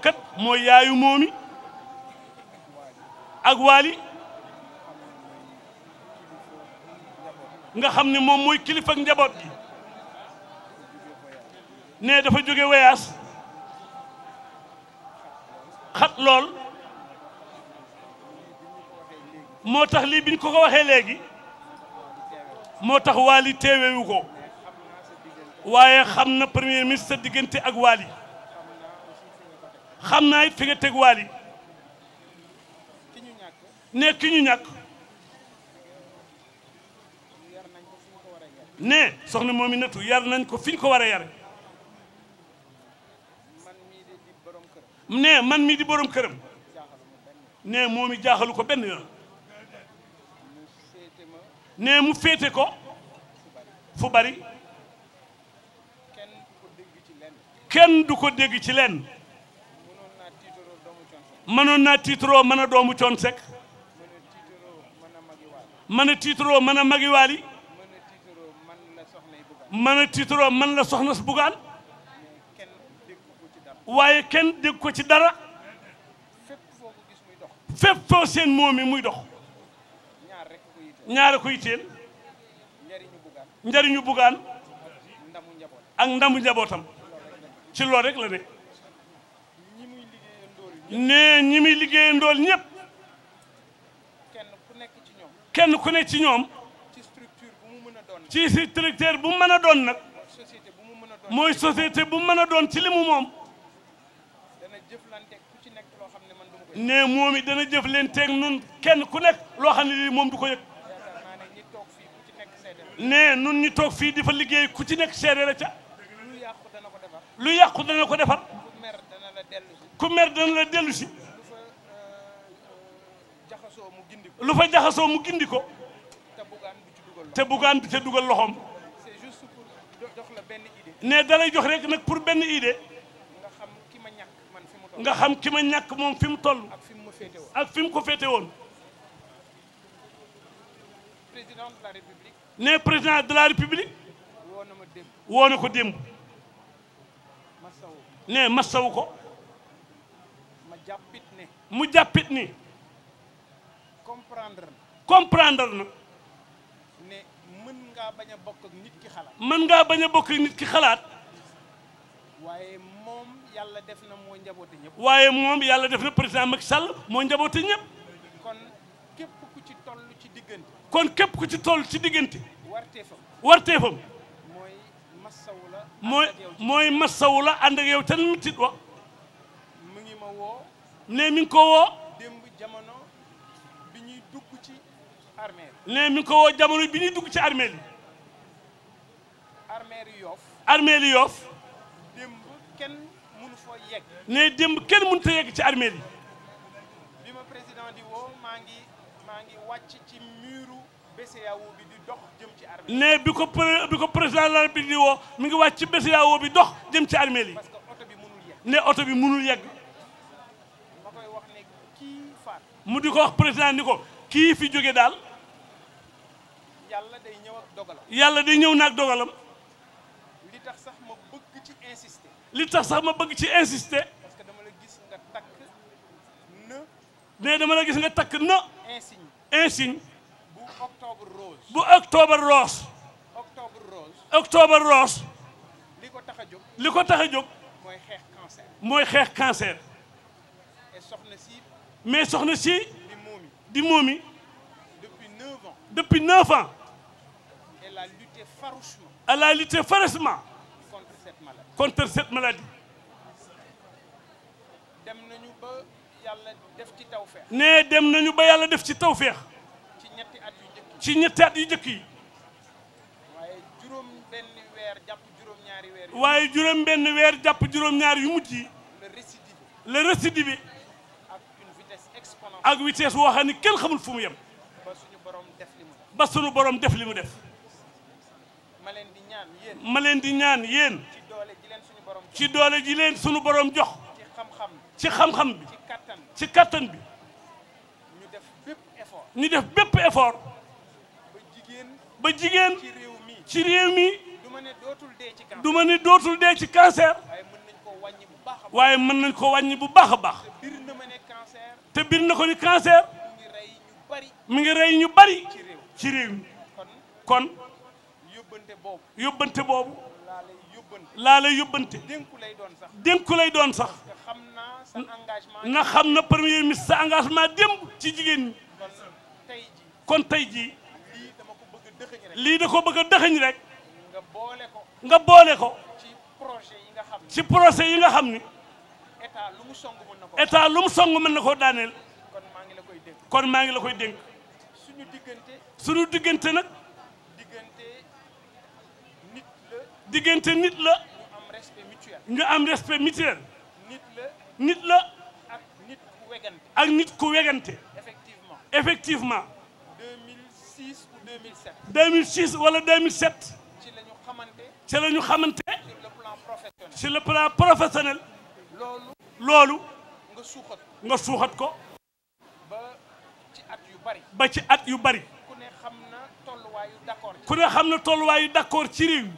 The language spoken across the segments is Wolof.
kat mooy yaayu moomi ak waali nga xam ne moom mooy kilifa njaboot gi ne dafa jóge voyage xat lool moo tax lii biñ ko ko waxee léegi moo tax waali teewewu ko waaye xam na premier ministre diggante ak waali xam naa it fi nga teg waali ne ki ñu ñàkk ne soxna moom i natu yar nañ ko fi ñu ko war a yare ne man mii di borom këram ne moom i jaaxalu ko benn yoon ne mu féete ko fu bari kenn du ko dégg ci leen mënoon naa tiitaroo mën a doomu coon sekk mën a tiitaroo mën a magi waali mën a tiitaroo mën la soxna si bugaan waaye kenn dégg ko ci dara fépp foo seen moom yi muy dox ñaare ko yitteel njariñu bugaan ak ndamu njabootam ci loolu rek la ne nee ñi muy liggéeya ndool ñëpp kenn ku nekk ci ñoom kenn ku nekk ci ñoom ci structure bu mu mën a doon ci structure bu mu mën a doon nag société bu mu mën a mooy société bu mu mën a doon ci limu moom dana jëflante ku ci nekk loo xam ne man nee moom it dana jëf jëflanteeg nun kenn ku nekk loo xam ne lii moom du ko yëg nee nun ñu toog fii di fa liggéey ku ci nekk seede la ca lu yàqu dana ko defar ku mer dana la dellu si lu fa jaxasoo mu gindi ko te bugaan bi te dugal loxoom ne dalay jox rek nag pour benn idée nga xam ki ma ñàkk moom fi mu toll ak fi mu ko fete woon ne président de la république woo ko démb ne masawu ko mu jàppit ni comprendre na comprendre na ne mën ngaa bañ a bokk ak nit ki xalaat mën ngaa bañ a bokk ak nit ki xalaat waaye moom yàlla def na moo njaboote ñëpp def na Sall kon képp ku ci ci kon képp ku ci toll ci diggante warteefam warteefam mooy massawu la mooy mooy ak yow tan wa ne mi ngi ko woo. démb jamono bi ñuy dugg ci armee ne mi ngi jamono bi ñuy dugg ci armeel yi. armeel yoof. armeel yi yoof. démb kenn mënu foo yegg. ne démb kenn mënut a yegg ci armeel yi. bi ma président di woo maa ngi maa ngi wàcc ci muru BCEAO bi dox jëm ci armeel yi. ne bi ko pre ko président la bi di woo mi ngi wàcc ci BCEAO bi dox jëm ci armeel yi. parce que oto bi mënul ne oto bi mënul yegg. mu di ko wax président ni ko kii fi jóge daal yàlla day ñëw ak dogalam yàlla day ñëw naag dogalam li tax sax ma bëgg ci insister li tax sax ma bëgg ci insister parce que dama la gis nga takk na ne dama gis nga takk na insigne insigne bu octobre rose bu octobre rose octobre rose octobre li ko tax a jóg li ko tax a jóg mooy mooy xeex cancer soxna si mais soxna si. di Momi. depuis 9 ans. depuis 9 ans. elle a lutté farouchement. elle a lutté farouchement. contre cette maladie. contre cette maladie. dem nañu ba yàlla def ci tawfeex. nee dem nañu ba yalla def ci tawfiq. ci ñetti at yu jëk yi. ci ñetti at yu njëkk yi. waaye juróom benn weer jàpp juróom ñaari weer. waaye juróom benn weer jàpp juróom ñaari yu mujj yi. le récidive. le récidive. ak vitesse woo xam ne kenn xamul fu mu yem ba suñu borom def li mu def ma leen di ñaan yéen ma leen di ñaan yéen ci doole ji leen suñu borom jox ci xam-xam bi ci kattan bi ñu def bépp effort ñu def bépp effort ba jigéen ba jigéen ci réew mi du ma ne dootul dee ci cancer waaye mën nañ koo wàññi waaye mën nañ koo wàññi bu baax a baax te bir na ko ni cancer mi ngi rey ñu bari ci réew mi kon yóbbante boobu laa lay yóbbante dénku lay doon sax na xam na premier ministre sa engagement démb ci jigéen ñi kon tey jii lii da ko bëgg a dëxëñ rek nga boole ko ci projet yi nga xam ni état lu mu song mën na daaneel kon maa ngi la koy dénk suñu diggante nit respect mutuel nit la ak nit ku wegante effectivement 2006 ou 2007 2006 wala 2007 sur le plan professionnel loolu nga suuxat ko ba ci at yu bari ku ne xam na tolluwaayu d'accord ci réew mi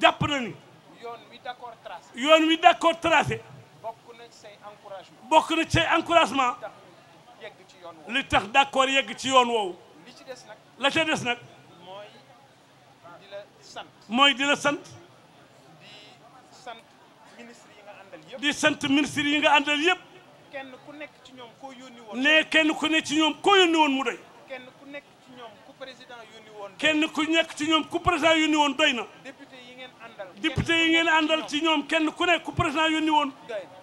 jàpp na ni yoon wi d'accord tracé bokk na ci encouragement li tax d'accord yegg ci yoon woowu la ci des nag mooy di la sant di sant ministre yi nga àndal yëpp kenn ku nekk ci ñoom koo yónni ne kenn ku nekk ci ñoom koo yónni woon mu doy kenn ku nekk ci ñoom ku président yónni woon kenn ku nekk ci ñoom ku président woon doy na député yi ngeen àndal député ngeen àndal ci ñoom kenn ku nekk ku président yónni woon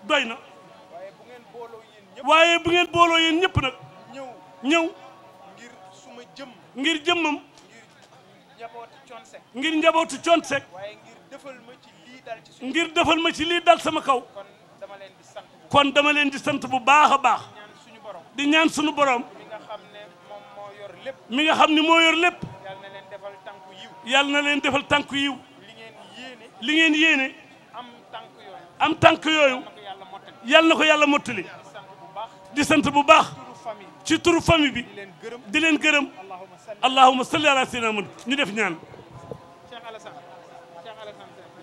doy na waaye bu ngeen booloo yéen ñëpp waaye bu booloo yéen ñëpp nag ñëw ñëw ngir suma jëm ngir jëmmam ngir njabootu Thione Seck ngir defal ma ci lii dal sama kaw kon dama leen di sant bu baax a baax di ñaan suñu borom mi nga xam ni moo yor lépp yàlla na leen defal tànk yiw li ngeen yéene am tànk yooyu yàlla na ko yàlla mottali di sant bu baax ci turu famille bi di leen gërëm allahuma salli ala sayyidina Muhammad ñu def ñaan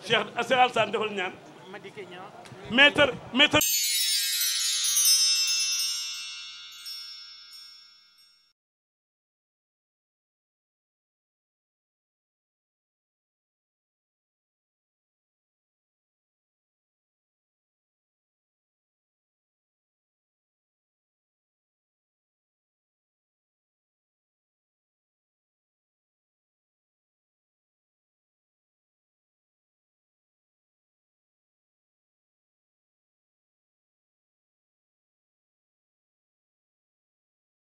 Cheikh Assane Alassane defal ñaan maître maître